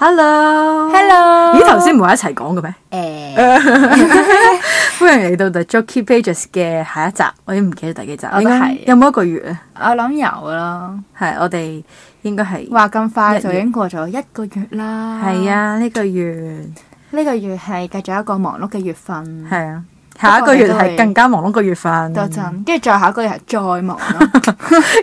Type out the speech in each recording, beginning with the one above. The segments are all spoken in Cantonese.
Hello，Hello！咦，頭先唔係一齊講嘅咩？誒，歡迎嚟到《The Jockey Pages》嘅下一集，我已經唔記得第幾集。應該係有冇一個月啊？我諗有咯。係，我哋應該係話咁快就已經過咗一個月啦。係啊，呢個月，呢個月係繼續一個忙碌嘅月份。係啊，下一個月係更加忙碌嘅月份。多陣，跟住再下一個月係再忙碌。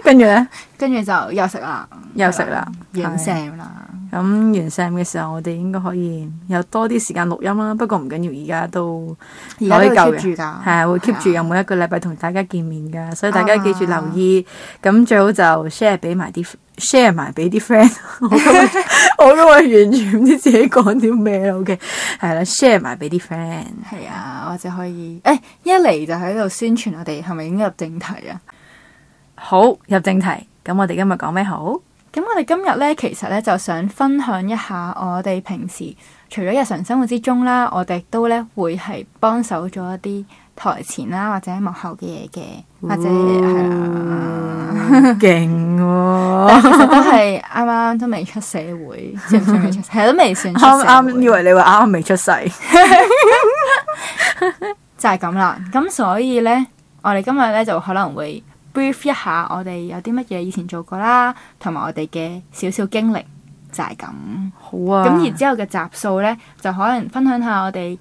跟住咧，跟住就休息啦，休息啦，影相啦。咁、嗯、完 set 嘅時候，我哋應該可以有多啲時間錄音啦。不過唔緊要，而家都可以 keep 住噶，係啊，會 keep 住，有每一個禮拜同大家見面噶，啊、所以大家記住留意。咁、啊、最好就 share 俾埋啲，share 埋俾啲 friend。我都我完全唔知自己講啲咩 OK 係啦，share 埋俾啲 friend。係、okay、啊，或者、啊、可以，誒、欸，一嚟就喺度宣傳我哋，係咪應該入正題啊？好，入正題。咁我哋今日講咩好？咁我哋今日咧，其實咧就想分享一下我哋平時除咗日常生活之中啦，我哋都咧會係幫手做一啲台前啦，或者幕後嘅嘢嘅，或者係啊，勁喎！但其實都係啱啱都未出社會，其實都未算啱啱， 以為你話啱啱未出世， 就係咁啦。咁所以咧，我哋今日咧就可能會。Brief 一下我哋有啲乜嘢以前做過啦，同埋我哋嘅少少經歷就係、是、咁。好啊。咁然之後嘅集數咧，就可能分享下我哋，誒、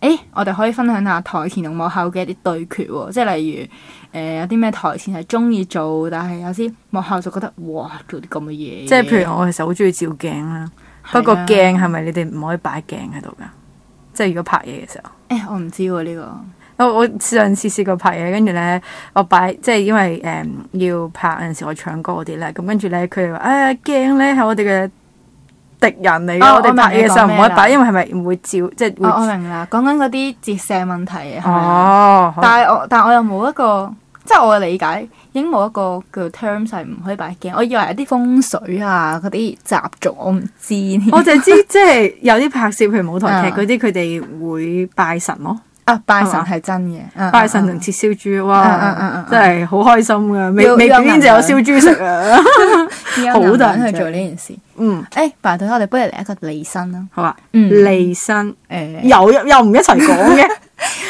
欸，我哋可以分享下台前同幕後嘅一啲對決喎、哦，即係例如誒、呃、有啲咩台前係中意做，但係有啲幕後就覺得哇做啲咁嘅嘢。即係譬如我其實好中意照鏡啦，啊、不過鏡係咪你哋唔可以擺鏡喺度噶？即係如果拍嘢嘅時候，誒、欸、我唔知呢、啊呢個。哦、我上次試過拍嘢，跟住咧我擺，即係因為誒、嗯、要拍嗰陣時我唱歌嗰啲咧，咁跟住咧佢哋話啊鏡咧係我哋嘅敵人嚟嘅、哦，我哋拍嘢嘅時候唔可以擺，因為係咪唔會照即係、哦？我我明啦，講緊嗰啲折射問題啊。哦，但係我但係我又冇一個，即係我嘅理解已經冇一個叫做 term 係唔可以擺鏡。我以為係啲風水啊啲習俗，我唔知。 我淨係知即係有啲拍攝譬如舞台劇啲，佢哋、嗯、會拜神咯、哦。啊！拜神係真嘅，拜神同切燒豬，哇！真係好開心噶，未未表演就有燒豬食啊！好多人去做呢件事。嗯，誒，白我哋不如嚟一個利申啦，好嘛？嗯，利申，誒，又又唔一齊講嘅。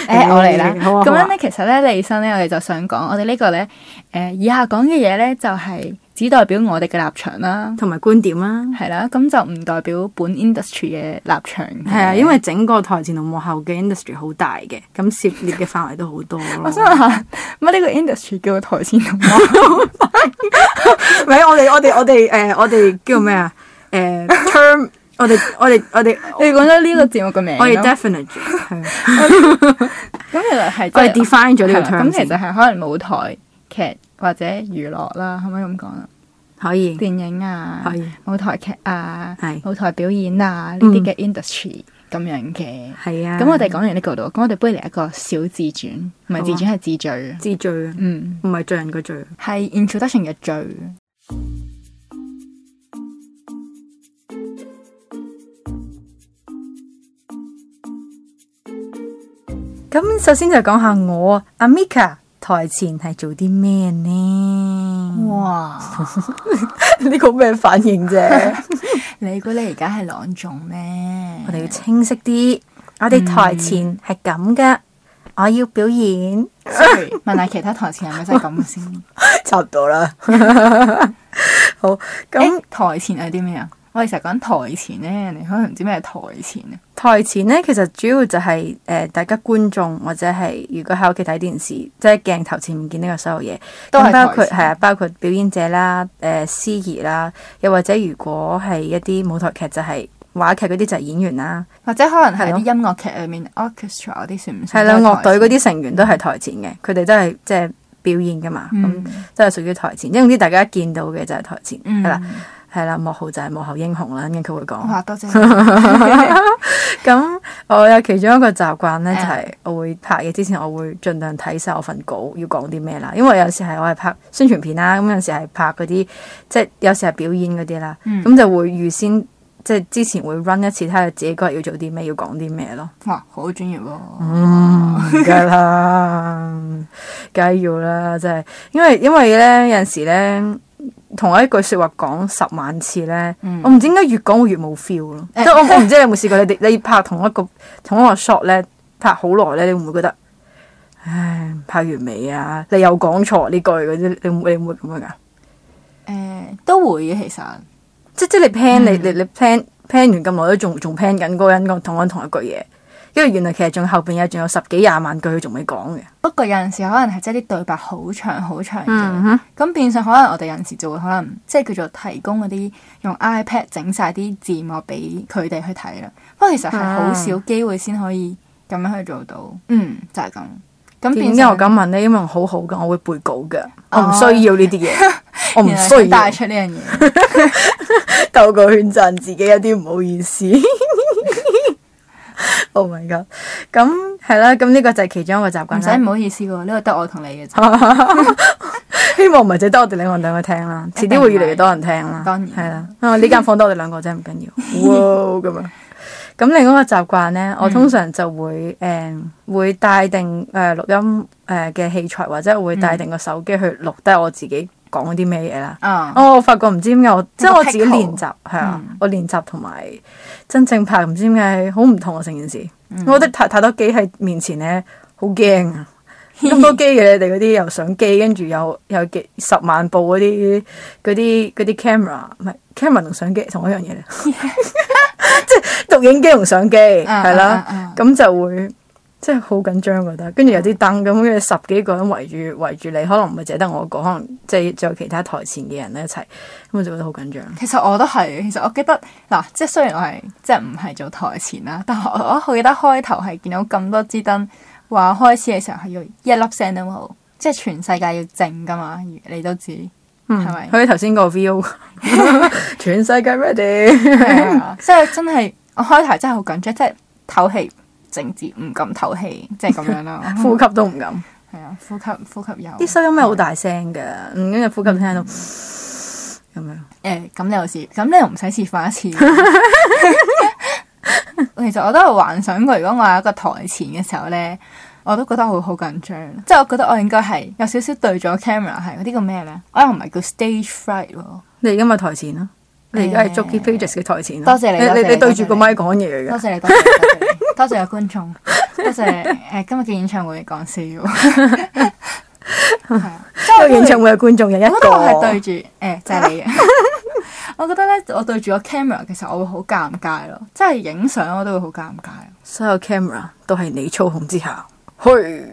誒，我嚟啦。咁樣咧，其實咧，利申咧，我哋就想講，我哋呢個咧，誒，以下講嘅嘢咧，就係。只代表我哋嘅立場啦、啊，同埋觀點啦、啊，係啦、啊，咁就唔代表本 industry 嘅立場。係啊，因為整個台前同幕後嘅 industry 好大嘅，咁涉獵嘅範圍都好多咯。 我想問下，乜呢個 industry 叫做台前同幕後？唔係、 啊，我哋我哋我哋誒，我哋、呃、叫咩、呃、 啊？誒，term，我哋我哋我哋，你講咗呢個節目嘅名。我哋 definition 咁其實係、就是，我係 define 咗呢個 term。咁、啊、其實係可能舞台劇。Cat, 或者娛樂啦，可唔可以咁講啊？可以，電影啊，可以，舞台劇啊，係是舞台表演啊，呢啲嘅 industry 咁樣嘅，係啊。咁我哋講完呢、這個度，咁我哋不如嚟一個小自傳，唔係自傳係、啊、自罪，自罪，嗯，唔係罪人嘅罪，係 introduction 嘅罪。咁首先就講下我，阿 Mika。台前係做啲咩呢？哇！呢個咩反應啫？ 你估你而家係朗誦咩？我哋要清晰啲。我哋台前係咁噶，嗯、我要表演。sorry，問下其他台前係咪真係咁先？ 差唔多啦。 好，咁那、欸、台前係啲咩啊？我哋成日講台前咧，你可能唔知咩台前啊？台前咧，其實主要就係、是、誒、呃，大家觀眾或者係如果喺屋企睇電視，即係鏡頭前面見呢個所有嘢。咁包括係前啊，包括表演者啦，誒、呃，司儀啦，又或者如果係一啲舞台劇就係、是、話劇嗰啲就係演員啦，或者可能係音樂劇裏面的 orchestra 嗰啲算唔算？係啦的，樂隊嗰啲成員都係台前嘅，佢哋都係即係表演噶嘛，咁、嗯嗯、都係屬於台前。因總之大家見到嘅就係台前係啦。嗯嗯係啦，幕後就係幕後英雄啦，咁佢會講。哇，多謝！咁 我有其中一個習慣咧， 就係我會拍嘢，之前我會盡量睇晒我份稿要講啲咩啦。因為有時係我係拍宣傳片啦，咁、嗯、有時係拍嗰啲即係有時係表演嗰啲啦，咁、嗯、就會預先即係之前會 run 一次，睇下自己嗰日要做啲咩，要講啲咩咯。哇，好專業咯、哦！梗係啦，梗係要啦，真係，因為因為咧有陣時咧。同一句話說話講十萬次咧，嗯、我唔知點解越講，欸、我越冇 feel 咯。即係我我唔知你有冇試過，欸、你哋你拍同一個 同一個 shot 咧，拍好耐咧，你會唔會覺得？唉，拍完未啊？你有講錯呢句嗰啲，你會唔會咁樣噶？誒、欸，都會其實，即即係你 plan、嗯、你你你 plan plan 完咁耐都仲仲 plan 緊嗰個人同同同一句嘢。因為原來其實仲後邊有仲有十幾廿萬句佢仲未講嘅，不過有陣時可能係即係啲對白好長好長嘅，咁、嗯、哼變相可能我哋有陣時就會可能即係叫做提供嗰啲用 iPad 整晒啲字幕俾佢哋去睇啦。不過其實係好少機會先可以咁樣去做到。嗯，嗯，就係、是、咁。咁點解我敢問咧？因為好好嘅，我會背稿嘅，哦、我唔需要呢啲嘢，我唔需要帶出呢樣嘢， 兜個圈讚自己有啲唔好意思。 Oh my god！咁係啦，咁呢個就係其中一個習慣啦。唔好意思喎、啊，呢、這個得我同你嘅， 希望唔係淨得我哋兩個兩個聽啦。遲啲會越嚟越多人聽啦。當然係啦。呢間放多我哋兩個啫，唔緊 要，要。哇，咁啊，咁另外一個習慣咧，我通常就會誒、嗯嗯、會帶定誒錄音誒嘅器材，或者會帶定個手機去錄低我自己。講嗰啲咩嘢啦？我、uh, oh, 我發覺唔知點解，即係我，我自己練習係啊，mm. 我練習同埋真正拍唔知點解好唔同啊！成件事，我覺得太太多機喺面前咧，好驚啊！咁多機嘅你哋嗰啲又相機，跟住又又幾十萬部嗰啲嗰啲嗰啲 camera，唔係 camera 相機同相機同一樣嘢咧，即係錄影機同相機係啦，咁就會。真係好緊張，覺得跟住有啲燈咁，跟住十幾個人圍住圍住你，可能唔係淨得我一個，可能即係仲有其他台前嘅人咧一齊，咁我就覺得好緊張。其實我都係，其實我記得嗱，即係雖然我係即係唔係做台前啦，但係我好記得開頭係見到咁多支燈，話開始嘅時候係要一粒聲都冇，即係全世界要靜噶嘛，你都知係咪？佢似頭先個 view 全世界 ready，即係真係我開頭真係好緊張，即係唞氣。整節唔敢透氣，即係咁樣囉，呼吸都唔敢，係啊，呼吸呼吸有啲收音咩好大聲噶，嗯，跟住呼吸聽到咁樣，誒，咁你又試，咁你又唔使示範一次？其實我都係幻想過，如果我喺一個台前嘅時候咧，我都覺得會好緊張，即係我覺得我應該係有少少對咗 camera，係嗰啲叫咩咧？我又唔係叫 stage fright，你而家咪台前咯。你而家係做《Pages》嘅台前，你你對住個麥講嘢嘅。多謝你，多謝多謝有觀眾，多謝誒今日嘅演唱會講笑，係啊。所有演唱會嘅觀眾有一個。我覺得我係對住誒就係你嘅。我覺得咧，我對住個 camera 嘅時候，我會好尷尬咯，即係影相我都會好尷尬。所有 camera 都係你操控之下去。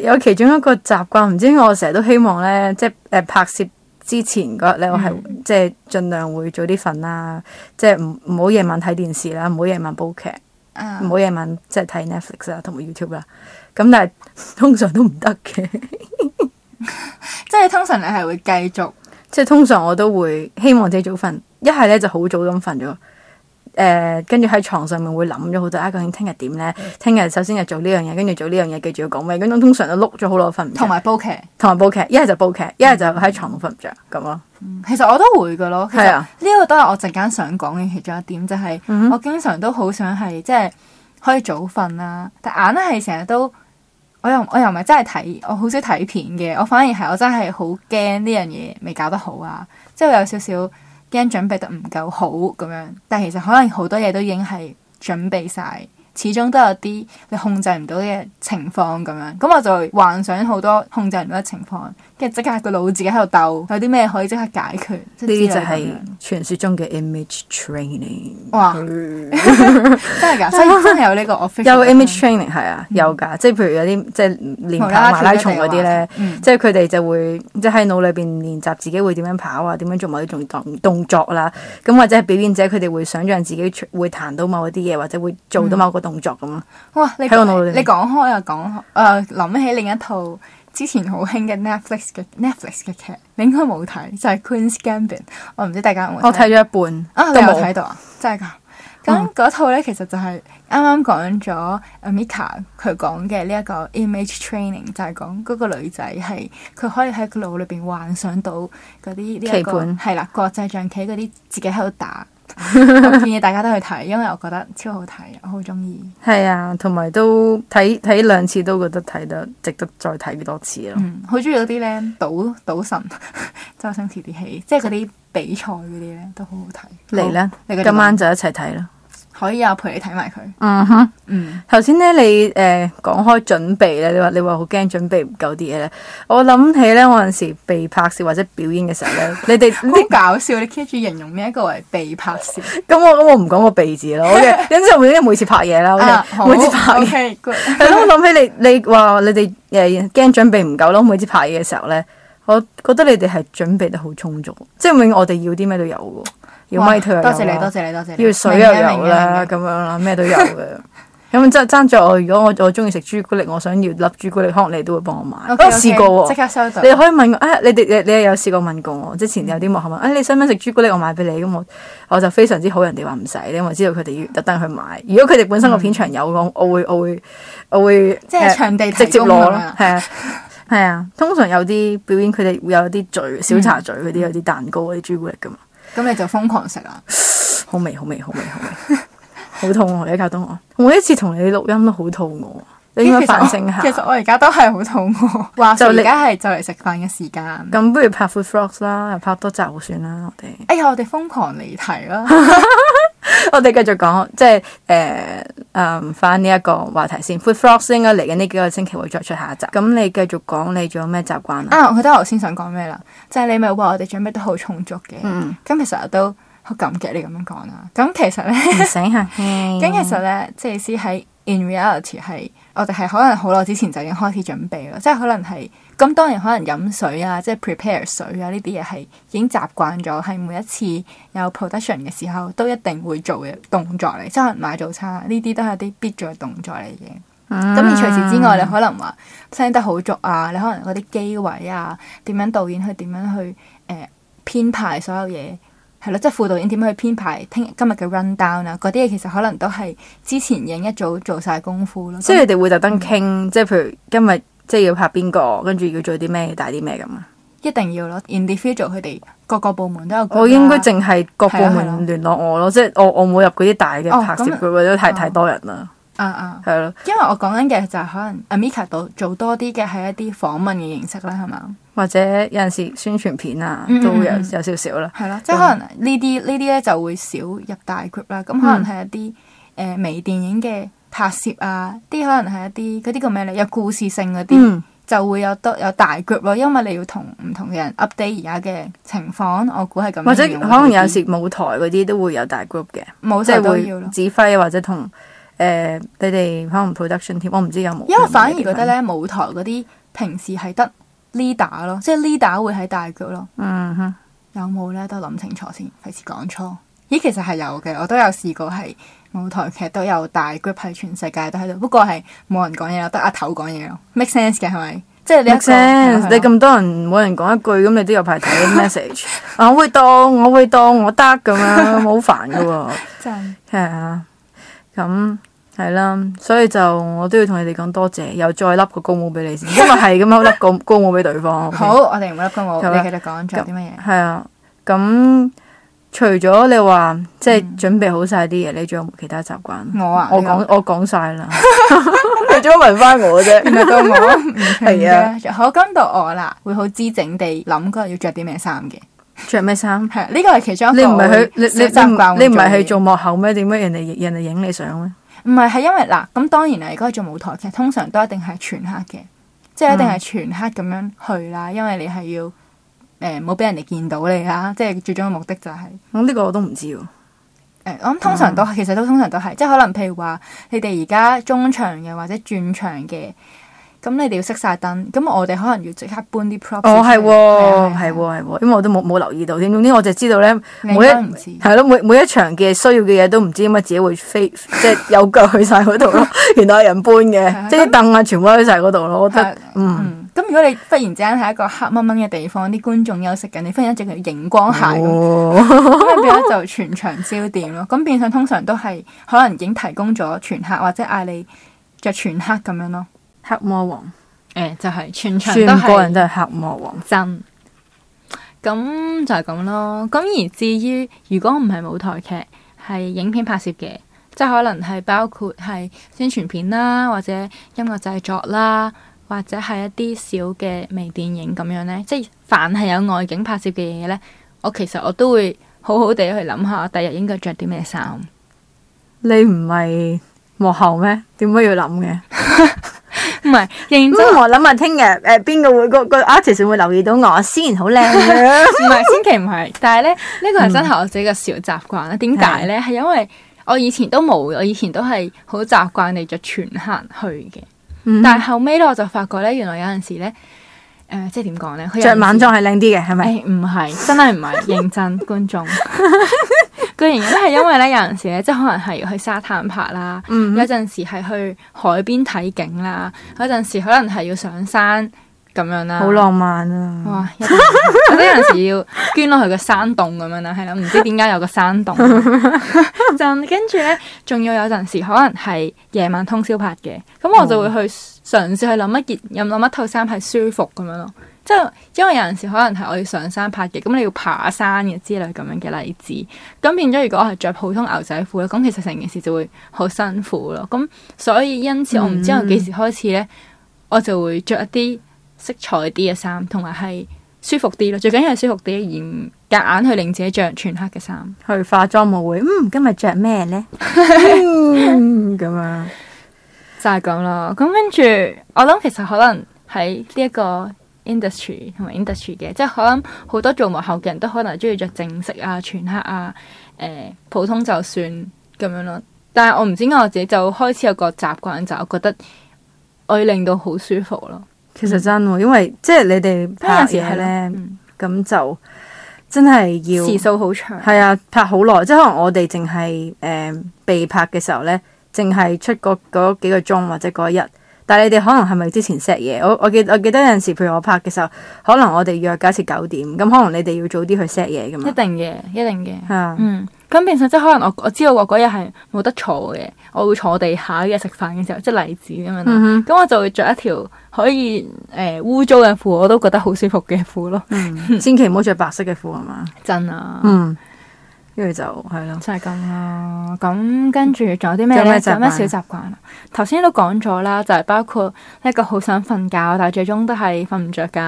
有其中一個習慣，唔知我成日都希望咧，即係誒、呃、拍攝之前嗰日咧，mm hmm. 我係即係盡量會早啲瞓啦，即係唔唔好夜晚睇電視啦，唔好夜晚煲劇，唔好夜晚即係睇 Netflix 啊，同埋 YouTube 啦。咁但係通常都唔得嘅， 即係通常你係會繼續，即係通常我都會希望自己早瞓，一係咧就好早咁瞓咗。誒，跟住喺床上面會諗咗好多，啊，究竟聽日點咧？聽日、嗯、首先係做呢樣嘢，跟住做呢樣嘢，記住要講咩？咁通常都碌咗好耐，瞓唔着。同埋煲劇，同埋煲劇，一係就煲劇，一係就喺床度瞓唔着咁咯。其實我都會噶咯，其實呢個都係我陣間想講嘅其中一點，就係、是、我經常都好想係即係可以早瞓啦，啊，但眼咧係成日都，我又我又唔係真係睇，我好少睇片嘅，我反而係我真係好驚呢樣嘢未搞得好啊，即係會有少少。驚準備得唔夠好咁樣，但係其實可能好多嘢都已經係準備曬。始終都有啲你控制唔到嘅情況咁樣，咁我就幻想好多控制唔到嘅情況，跟住即刻個腦自己喺度鬥，有啲咩可以即刻解決？呢啲就係傳説中嘅 image training。哇！ 真係㗎，所以真係有呢個 有 image training 係啊、嗯，有㗎。即係、嗯、譬如有啲即係練跑馬拉松嗰啲咧，即係佢哋就會即係喺腦裏邊練習自己會點樣跑啊，點樣做某啲重要動作啦、啊。咁或者係表演者佢哋會想象自己會彈到某啲嘢，或者會做到某個動作咁咯，哇！你你講開又講，誒、呃，諗起另一套之前好興嘅 Netflix 嘅 Netflix 嘅劇，你應該冇睇，就係、是、Queen's Gambit 我唔知大家有冇睇，我睇咗一半，啊、有你有冇睇到啊？真係噶！咁嗰套咧，其實就係啱啱講咗 Amica 佢講嘅呢一個 image training，就係講嗰個女仔係佢可以喺佢腦裏邊幻想到嗰啲棋盤，係本啦，國際象棋嗰啲自己喺度打。 我建議大家都去睇，因為我覺得超好睇，我好中意。係啊、 嗯，同埋都睇睇兩次都覺得睇得值得再睇多次咯。好中意嗰啲呢，賭賭神、 周星馳啲戲，即係嗰啲比賽嗰啲呢，都好好睇。嚟了你今晚就一齊睇啦。可以啊，陪你睇埋佢。嗯哼嘩，嗯。頭先咧，你誒講開準備咧，你話你話好驚準備唔夠啲嘢。咧我諗起咧，我陣時被拍攝或者表演嘅時候咧，你哋好 搞笑，你 keep 住形容咩一個係被拍攝。咁、嗯、我咁、嗯、我唔講個被字咯。咁即係每，因為每次拍嘢啦，每次拍嘢。係咯，我諗起你你話你哋誒驚準備唔夠咯，每次拍嘢嘅時候咧，我覺得你哋係準備得好充足， 即係永遠我哋要啲咩都有嘅。 要咪又有，要水又有啦，咁樣啦，咩都有嘅。咁即係爭在我，如果我我中意食朱古力，我想要粒朱古力，可能你都會幫我買。我都試過，即刻收到。你可以問我，你你你有試過問過我。之前有啲幕後問，你想唔想食朱古力，我買俾你咁，我我就非常之好人哋話唔使，因為知道佢哋要特登去買。如果佢哋本身個片場有咁，我會我會我會即係場地直接攞咯，係啊係啊。通常有啲表演，佢哋會有啲聚，小茶聚嗰啲有啲蛋糕、啲朱古力噶嘛。咁你就瘋狂食啦 ，好味好味好味好味，好肚餓，你搞到我，每一次同你錄音都好肚餓，你應該反省下其。其實我而家都係好肚餓，就你話就而家係就嚟食飯嘅時間。咁不如拍 Food Vlogs 啦，又拍多集算啦，我哋。哎呀，我哋瘋狂離題啦。 我哋繼續講，即係誒誒，翻呢一個話題先。Food Floss 應該嚟緊呢幾個星期會再出下一集，咁你繼續講你仲有咩習慣啊，啊？我覺得我頭先想講咩啦，即、就、係、是、你咪話我哋準備得好充足嘅。咁、嗯嗯、其實我都好感激你咁樣講啦。咁其實咧，醒下，咁 其實咧，即係意思喺 in reality 係，我哋係可能好耐之前就已經開始準備咯，即係可能係。咁當然可能飲水啊，即、就、係、是、prepare 水啊呢啲嘢係已經習慣咗，係每一次有 production 嘅時候都一定會做嘅動作嚟。即係可能買早餐呢啲都係啲必做嘅動作嚟嘅。咁而、嗯、除此之外，你可能話聲得好足啊，你可能嗰啲機位啊，點樣導演去點樣去誒、呃、編排所有嘢，係咯，即、就、係、是、副導演點樣去編排聽今日嘅 run down 啊，嗰啲嘢其實可能都係之前影一早做晒功夫咯。嗯、即係你哋會特登傾，即係譬如今日。即係要拍邊個，跟住要做啲咩，帶啲咩咁啊？一定要咯，individual 佢哋各個部門都有。我應該淨係各部門聯絡我咯，啊啊、即係我我冇入嗰啲大嘅拍攝 group 都太太多人啦、啊。啊啊，係咯。因為我講緊嘅就係可能阿 Mika 度做多啲嘅係一啲訪問嘅形式啦，係嘛？或者有陣時宣傳片啊都會有、嗯嗯、有少少啦。係咯、啊，即係、嗯、可能呢啲呢啲咧就會少入大 group 啦。咁可能係一啲誒微電影嘅、嗯。嗯拍攝啊，啲可能係一啲，嗰啲叫咩咧？有故事性嗰啲，嗯、就會有多有大 group 咯，因為你要同唔同嘅人 update 而家嘅情況，我估係咁。或者會會可能有時舞台嗰啲都會有大 group 嘅，什即係指揮或者同誒、呃、你哋可能 production t 我唔知有冇。因為反而覺得咧、嗯、哼舞台嗰啲平時係得 leader 咯，即係 leader 會喺大 g r 腳咯。嗯哼，有冇咧都諗清楚先，費事講錯。咦，其實係有嘅，我都有試過係。舞台劇都有大 group 喺全世界都喺度，不過係冇人講嘢咯，得阿頭講嘢咯。make sense 嘅係咪？即係 make sense 你咁多人冇人講一句，咁你都有排睇 message。我會當，我會當，我得咁樣，好煩噶。真係係啊，咁係啦，所以就我都要同你哋講多謝，又再笠個高帽俾你先，因為係咁樣笠個高帽俾對方。好，我哋唔會笠高帽，你。繼續講啲乜嘢。係啊，咁。除咗你話即係準備好晒啲嘢，你仲有冇其他習慣？我啊，我講我講晒啦，你仲問翻我啫，唔係講我係啊，好跟到我啦，會好知整地諗嗰日要着啲咩衫嘅，着咩衫？係呢個係其中一你唔係去你習慣你唔係去做幕後咩？點解人哋人哋影你相咧？唔係係因為嗱，咁當然啦，如果做舞台劇，通常都一定係全黑嘅，即係一定係全黑咁樣去啦，因為你係要。誒冇俾人哋見到你啊，即係最終嘅目的就係、是嗯這個呃。我呢個我都唔知喎。我諗通常都、嗯、其實都通常都係，即係可能譬如話，你哋而家中場嘅或者轉場嘅。咁你哋要熄晒燈，咁我哋可能要即刻搬啲 props 哦，係喎，係喎的，係喎，因為我都冇冇留意到添。總之我就知道咧，每一唔知係咯，每每一場嘅需要嘅嘢都唔知點解自己會飛，即係有腳去晒嗰度咯。 原來有人搬嘅，的即係啲凳啊，全部喺晒嗰度咯。我覺得的嗯，咁的、嗯嗯、如果你忽然之間喺一個黑掹掹嘅地方，啲觀眾休息緊，你忽然一直嘅熒光鞋，咁變咗就全場焦點咯。咁變相通常都係可能已經提供咗全客，或者嗌你着全黑咁樣咯。黑魔王誒、欸，就係、是、全場都係個人都係黑魔王真，咁就係咁咯。咁而至於如果唔係舞台劇，係影片拍攝嘅，即係可能係包括係宣傳片啦，或者音樂製作啦，或者係一啲小嘅微電影咁樣呢。即係凡係有外景拍攝嘅嘢呢，我其實我都會好好地去諗下，我第日應該着啲咩衫。你唔係幕後咩？點解要諗嘅？ 唔係認真我、嗯，我諗下聽日誒邊個會個個 artist 會留意到我先，好靚嘅。唔 係， 千祈唔係。但係咧，呢個係真係我自己嘅小習慣啦。點解咧？係是因為我以前都冇，我以前都係好習慣嚟着全黑去嘅。嗯、哼但係後尾咧，我就發覺咧，原來有陣時咧誒、呃，即係點講咧，着晚裝係靚啲嘅，係咪、欸？唔係，真係唔係認真觀眾。 居然咧係，因為咧 有陣時咧即係可能係去沙灘拍啦，mm hmm. 有陣時係去海邊睇景啦，有陣時可能係要上山咁樣啦，好浪漫啊！哇， 有啲陣時要捐落去個山洞咁樣啦，係啦，唔知點解有個山洞。 就跟住咧，仲要有陣時可能係夜晚通宵拍嘅，咁我就會去嘗試去諗一件，有冇諗一套衫係舒服咁樣咯。即係因為有陣時可能係我要上山拍嘅，咁你要爬山嘅之類咁樣嘅例子，咁變咗如果我係着普通牛仔褲咧，咁其實成件事就會好辛苦咯。咁所以因此我唔知道幾時開始咧，嗯、我就會着一啲色彩啲嘅衫，同埋係舒服啲咯。最緊要係舒服啲，而夾硬，硬去令自己着全黑嘅衫去化妝舞會。嗯，今日着咩咧？咁、 嗯、啊，就係咁啦。咁跟住我諗，其實可能喺呢一個。industry 同埋 industry 嘅，即係可能好多做幕後嘅人都可能中意着正式啊、全黑啊、誒、呃，普通就算咁樣咯。但係我唔知點解我自己就開始有個習慣，就我覺得我要令到好舒服咯。其實真因為即係你哋拍嘢咧，嗯，咁就真係要時數好長，係啊，拍好耐。即係可能我哋淨係誒被拍嘅時候咧，淨係出過嗰幾個鐘或者嗰一日。但係你哋可能係咪之前 set 嘢？我我記我記得有陣時，譬如我拍嘅時候，可能我哋約假設九點，咁可能你哋要早啲去 set 嘢噶嘛一？一定嘅，一定嘅，係啊。嗯，咁平時即係可能我我知道我嗰日係冇得坐嘅，我會坐地下嘅，食飯嘅時候，即係例子咁樣咁、嗯、哼我就會着一條可以誒污糟嘅褲，我都覺得好舒服嘅褲咯。嗯、 千祈唔好着白色嘅褲係嘛，真啊。嗯。啊、跟住就係咯，真係咁咯。咁跟住仲有啲咩咧？有咩小習慣啊？頭先都講咗啦，就係、是、包括一個好想瞓覺，但係最終都係瞓唔着覺。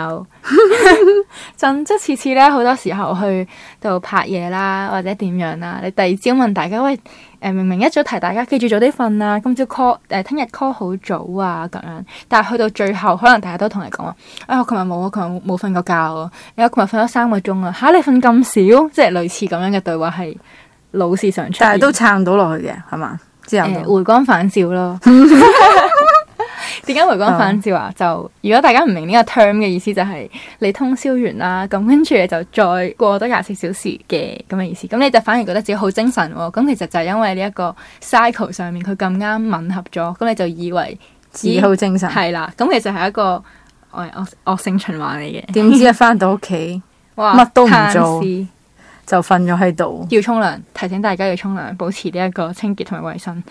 就即 次次咧，好多時候去度拍嘢啦，或者點樣啦，你第二朝問大家喂。誒，明明一早提大家記住早啲瞓啊，今朝 call 誒、呃，聽日 call 好早啊，咁樣，但係去到最後，可能大家都同你講話，我琴日冇啊，琴日冇瞓過覺咯，然後我琴日瞓咗三個鐘啊，吓、啊、你瞓咁少，即係類似咁樣嘅對話係老是常出，但係都撐到落去嘅，係嘛？之後，誒、呃，回光返照咯。 點解回光返照啊？Oh. 就如果大家唔明呢個 term 嘅意思，就係你通宵完啦，咁跟住你就再過多廿四小時嘅咁嘅意思，咁你就反而覺得自己好精神，哦。咁其實就係因為呢一個 cycle 上面佢咁啱吻合咗，咁你就以為自己好精神係啦。咁、欸、其實係一個惡惡惡性循環嚟嘅。點知翻到屋企，乜 哇都唔做。就瞓咗喺度。要沖涼，提醒大家要沖涼，保持呢一個清潔同埋衞生。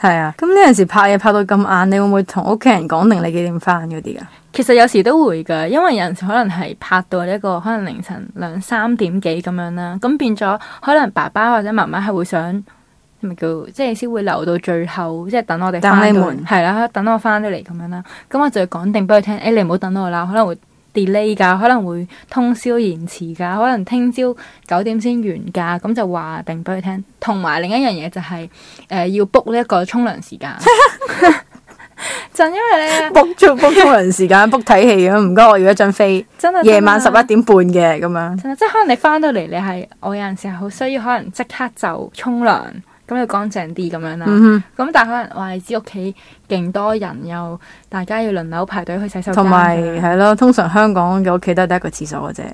係 啊，咁呢陣時拍嘢拍到咁晏，你會唔會同屋企人講定你幾點翻嗰啲㗎？其實有時都會㗎，因為有陣時可能係拍到一個可能凌晨兩三點幾咁樣啦，咁變咗可能爸爸或者媽媽係會想，咪叫即係先會留到最後，即係等我哋翻。等你門係啦、啊，等我翻得嚟咁樣啦。咁我就要講定俾佢聽，誒、欸、你唔好等我啦，可能會，delay 噶，可能會通宵延遲噶，可能聽朝九點先完噶，咁就話定俾佢聽。同埋另一樣嘢就係，誒要 book 呢一個沖涼時間。就因為咧 book 要 book 沖涼時間，book 睇戲咁，唔該我要一張飛，真係夜晚十一點半嘅咁樣。真係，即係可能你翻到嚟你係，我有陣時候好需要，可能即刻就沖涼。咁又乾淨啲咁樣啦，咁、嗯、哼但係可能話你知屋企勁多人，又大家要輪流排隊去洗手間。同埋係咯，通常香港嘅屋企都係得一個廁所嘅啫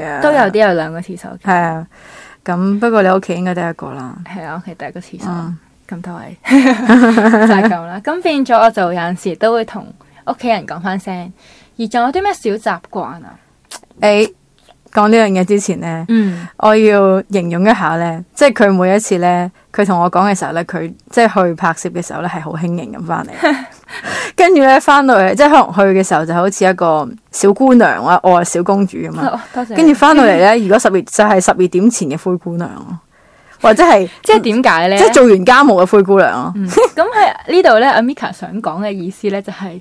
，yeah. 都有啲有兩個廁所嘅。係啊，咁不過你屋企應該得一個啦。係啊，屋企得一個廁所，咁、嗯、都係 就係咁啦。咁 變咗我就有陣時都會同屋企人講翻聲，而仲有啲咩小習慣啊？誒、欸。講呢樣嘢之前咧，嗯、我要形容一下咧，即係佢每一次咧，佢同我講嘅時候咧，佢即係去拍攝嘅時候咧，係好輕盈咁翻嚟，跟住咧翻到嚟，即係可能去嘅時候就好似一個小姑娘啊，我係小公主咁樣，跟住翻到嚟咧，嗯、如果十二就係、是、十二點前嘅灰姑娘或者係 即係點解咧，即係做完家務嘅灰姑娘啊，咁喺、嗯 嗯、呢度咧，阿 Mika 想講嘅意思咧就係、是。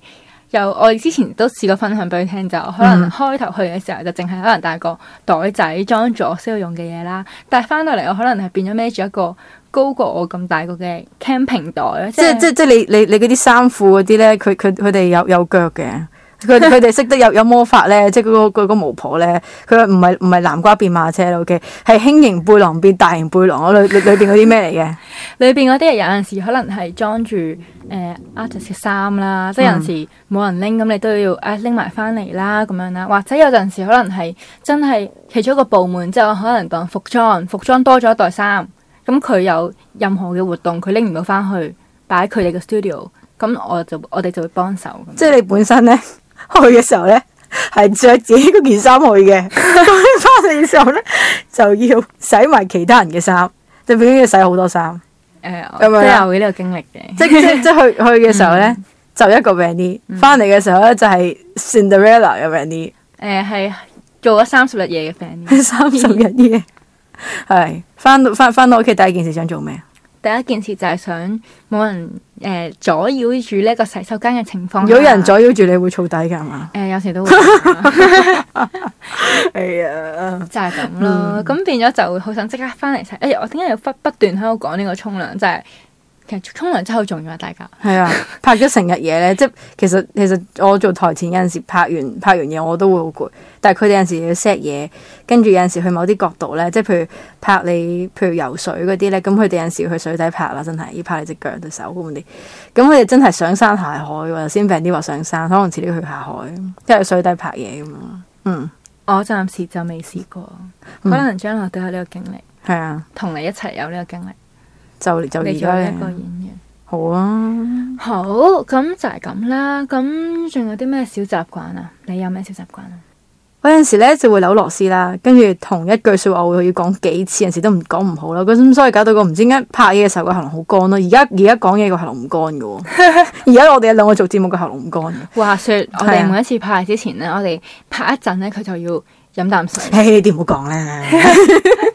就我之前都試過分享俾你聽，就可能開頭去嘅時候就淨係可能帶個袋仔裝咗需要用嘅嘢啦，但係翻到嚟我可能係變咗孭住一個高過我咁大個嘅 camping 袋，即即即，即，即你你你嗰啲衫褲嗰啲咧，佢佢佢哋有有腳嘅。佢佢哋識得有有魔法咧，即係嗰個嗰個巫婆咧，佢唔係唔係南瓜變馬車啦嘅，OK，係輕型背囊變大型背囊。裏裏裏邊嗰啲咩嚟嘅？裏邊嗰啲有陣時可能係裝住誒、呃、artist 衫啦，即係有陣時冇人拎咁，你都要誒拎埋翻嚟啦咁樣啦。或者有陣時可能係真係其中一個部門，即係可能當服裝，服裝多咗一袋衫，咁佢有任何嘅活動，佢拎唔到翻去擺佢哋嘅 studio，咁我就我哋就會幫手。即係你本身咧？ 去嘅時候咧，係着自己嗰件衫去嘅，咁翻嚟嘅時候咧就要洗埋其他人嘅衫，就係平要洗好多衫。誒、欸，即係有呢個經歷嘅。即即即去去嘅時候咧， 嗯、就一個 Vanny、嗯，翻嚟嘅時候咧就係、是、Cinderella 嘅 Vanny、嗯。誒、嗯，係、就是欸、做咗三十日嘢嘅 Vanny。三十日嘢係翻到翻翻到屋企，第一件事想做咩？第一件事就係想冇人。誒、呃，阻擾住呢個洗手間嘅情況，有人阻擾住你、嗯、會燥底噶係嘛？誒，有時都會，係啊，就係咁咯。咁、嗯、變咗就會好想即刻翻嚟洗。哎，我點解要不不斷喺度講呢個沖涼？就係、是。其實沖涼真係好重要啊！大家係啊，拍咗成日嘢咧， 即係其實其實我做台前有陣時拍完拍完嘢，我都會好攰。但係佢哋有陣時要 set 嘢，跟住有陣時去某啲角度咧，即係譬如拍你，譬如游水嗰啲咧，咁佢哋有陣時去水底拍啦，真係要拍你隻腳隻手咁啲。咁佢哋真係上山下海，又先病啲，話上山，可能遲啲去下海，即係水底拍嘢咁咯。嗯，我暫時就未試過，嗯、可能將來都有呢個經歷。係啊，同你一齊有呢個經歷。就就而家咧，一個演員。好啊，好，咁就係咁啦。咁仲有啲咩小習慣啊？你有咩小習慣啊？我有陣時咧就會扭螺絲啦，跟住同一句說話我會要講幾次，有陣時都唔講唔好啦。咁所以搞到我唔知點解拍嘢嘅時候個喉嚨好乾咯。而家而家講嘢個喉嚨唔乾噶，而家 我哋兩個做節目個喉嚨唔乾嘅。 話說我哋每一次拍之前咧，啊、我哋拍一陣咧，佢就要飲啖水。Hey, 你啲唔好講咧。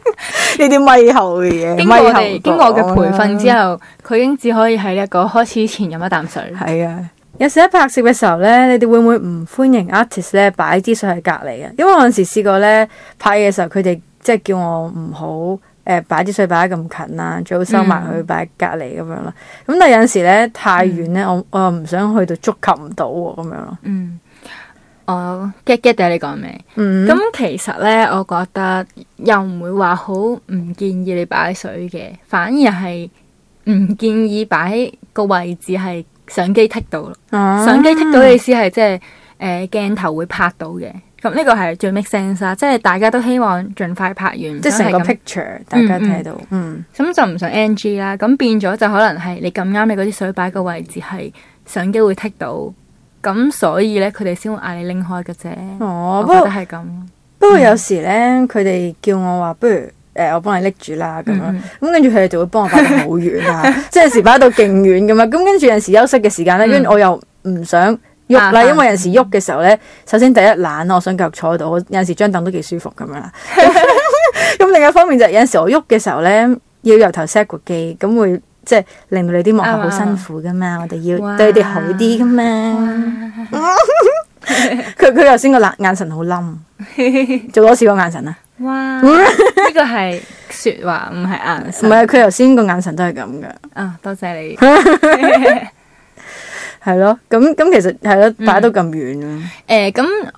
呢啲咪喉嘅嘢， 經過我哋嘅培訓之後，佢 已經只可以喺一個開始前飲一啖水。係啊，有時拍攝嘅時候咧，你哋會唔會唔歡迎 artist 咧擺支水喺隔籬啊？因為我有陣時試過咧拍嘢嘅時候，佢哋即係叫我唔好誒擺支水擺得咁近啦，最好收埋佢擺隔籬咁樣咯。咁但係有陣時咧太遠咧、嗯，我我又唔想去到觸及唔到咁樣咯。樣嗯。哦，get get 到你講咩？咁、oh. mm hmm. 其實咧，我覺得又唔會話好唔建議你擺水嘅，反而係唔建議擺個位置係相機剔到、oh. 相機剔到嘅意思係即係誒鏡頭會拍到嘅。咁呢個係最 make sense 啦，即係大家都希望盡快拍完，即係成個 picture 大家睇到。嗯，咁就唔想 NG 啦。咁變咗就可能係你咁啱你嗰啲水擺個位置係相機會剔到。咁所以咧，佢哋先會嗌你拎開嘅啫。哦、我覺得係咁。不過有時咧，佢哋叫我話，不如誒、呃、我幫你拎住啦咁樣。咁、嗯嗯嗯、跟住佢哋就會幫我擺到好遠啦。 即係有時擺到勁遠咁啊。咁跟住有時休息嘅時間咧，跟住、嗯、我又唔想喐啦。啊、因為有時喐嘅時候咧，首先第一懶我想繼續坐喺度。有陣時張凳都幾舒服咁樣啦。咁 另一方面就係、是、有陣時我喐嘅時候咧，要由頭 set 個機，咁會。即係令到你啲幕後好辛苦噶嘛，我哋要對你哋好啲噶嘛。佢佢頭先個眼眼神好冧，做多次個眼神啊。哇！呢個係說話唔係眼神。唔係，佢頭先個眼神都係咁噶。啊，多謝你。係咯，咁咁其實係咯，擺到咁遠。誒，咁。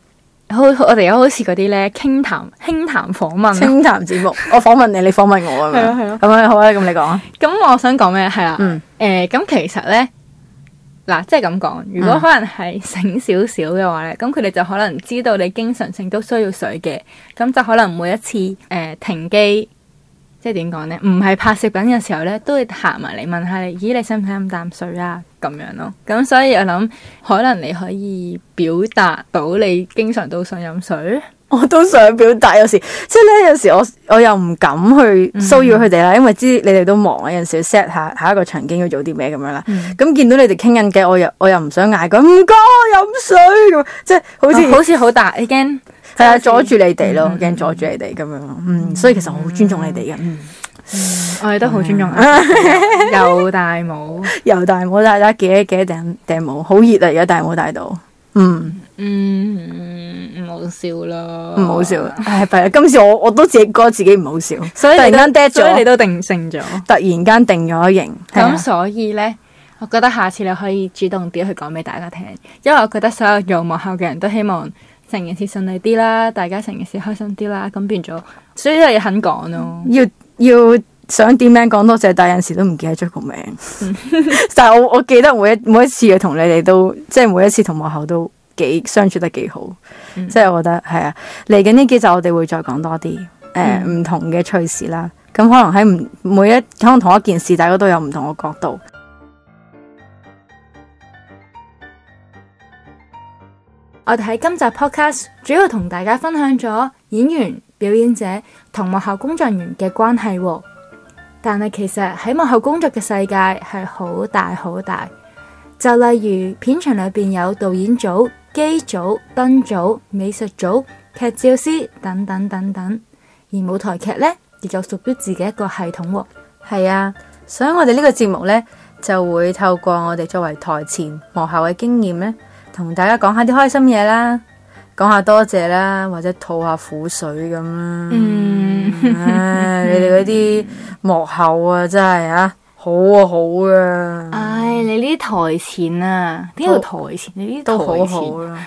好，好，我哋而家好似嗰啲咧，傾談傾談訪問，清談節目， 我訪問你，你訪問我啊，係咯係咯，咁啊嗎 好啊，咁你講啊，咁我想講咩，係啊、嗯，誒，咁其實咧，嗱，即係咁講，如果可能係醒少少嘅話咧，咁佢哋就可能知道你經常性都需要水嘅，咁就可能每一次誒、呃、停機。即係點講咧？唔係拍攝緊嘅時候咧，都會行埋嚟問下你，咦，你使唔使飲啖水啊？咁樣咯。咁所以我諗，可能你可以表達到你經常都想飲水。我都想表達，有時即係咧，有時我我又唔敢去騷擾佢哋啦，嗯、因為知你哋都忙啊，有陣時 set 下下一個場景要做啲咩咁樣啦。咁、嗯、見到你哋傾緊偈，我又我又唔想嗌佢唔該飲水，即係好似、哦、好似好大驚。Again? 係啊，阻住你哋咯，驚阻住你哋咁樣。嗯，所以其實我好尊重你哋嘅。嗯，我哋都好尊重。又戴帽，又戴帽，大家幾多幾多頂頂帽，好熱啊！而家戴帽戴到，嗯嗯，唔好笑啦，唔好笑。唉，係啊，今次我我都自己覺得自己唔好笑，所以突然間跌咗，你都定性咗，突然間定咗型。咁所以咧，我覺得下次你可以主動啲去講俾大家聽，因為我覺得所有做幕後嘅人都希望。成件事順利啲啦，大家成件事開心啲啦，咁變咗，所以都係肯講咯，嗯。要要想點樣講多謝，但係有陣時都唔記得咗個名。 但係我我記得每一每一次嘅同你哋都即係每一次同幕後都幾相處得幾好，嗯，即係我覺得係啊，嚟緊呢幾集我哋會再講多啲誒，唔，呃嗯，同嘅趣事啦。咁可能喺唔每一可能同一件事，大家都有唔同嘅角度。我哋喺今集 podcast 主要同大家分享咗演員、表演者同幕後工作人員嘅關係，哦，但係其實喺幕後工作嘅世界係好大好大。就例如片場裏邊有導演組、機組、燈組、美術組、劇照師等等等等，而舞台劇咧亦就屬於自己一個系統，哦。係啊，所以我哋呢個節目咧就會透過我哋作為台前幕後嘅經驗咧，同大家講下啲開心嘢啦，講下多謝啦，或者吐下苦水咁啦。嗯，唉、哎， 你哋嗰啲幕後啊，真係啊，好啊，好啊。唉、哎，你呢啲台前啊，邊度都台前？你呢啲都好好啊！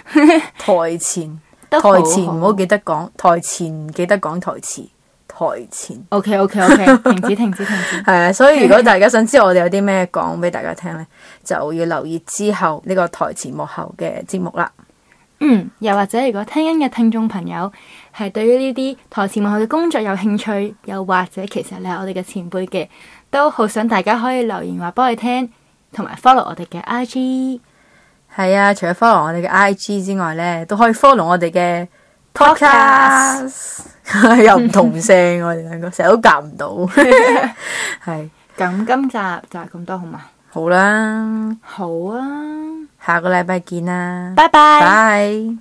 台前，台前，唔好記得講台前，記得講台前。台前，OK OK OK，停止停止停止，係啊， 所以如果大家想知道我哋有啲咩講俾大家聽呢， 就要留意之後呢、這個台前幕後嘅節目啦。嗯，又或者如果聽緊嘅聽眾朋友係對於呢啲台前幕後嘅工作有興趣，又或者其實你係我哋嘅前輩嘅，都好想大家可以留言話俾我哋聽，同埋 follow 我哋嘅 IG。係啊，除咗 follow 我哋嘅 IG 之外呢，都可以 follow 我哋嘅。Talkas，又唔同聲喎，我哋兩個成日都夾唔到，係。咁今集就係咁多，好嗎？好啦，好啊，下個禮拜見啦，拜拜，拜。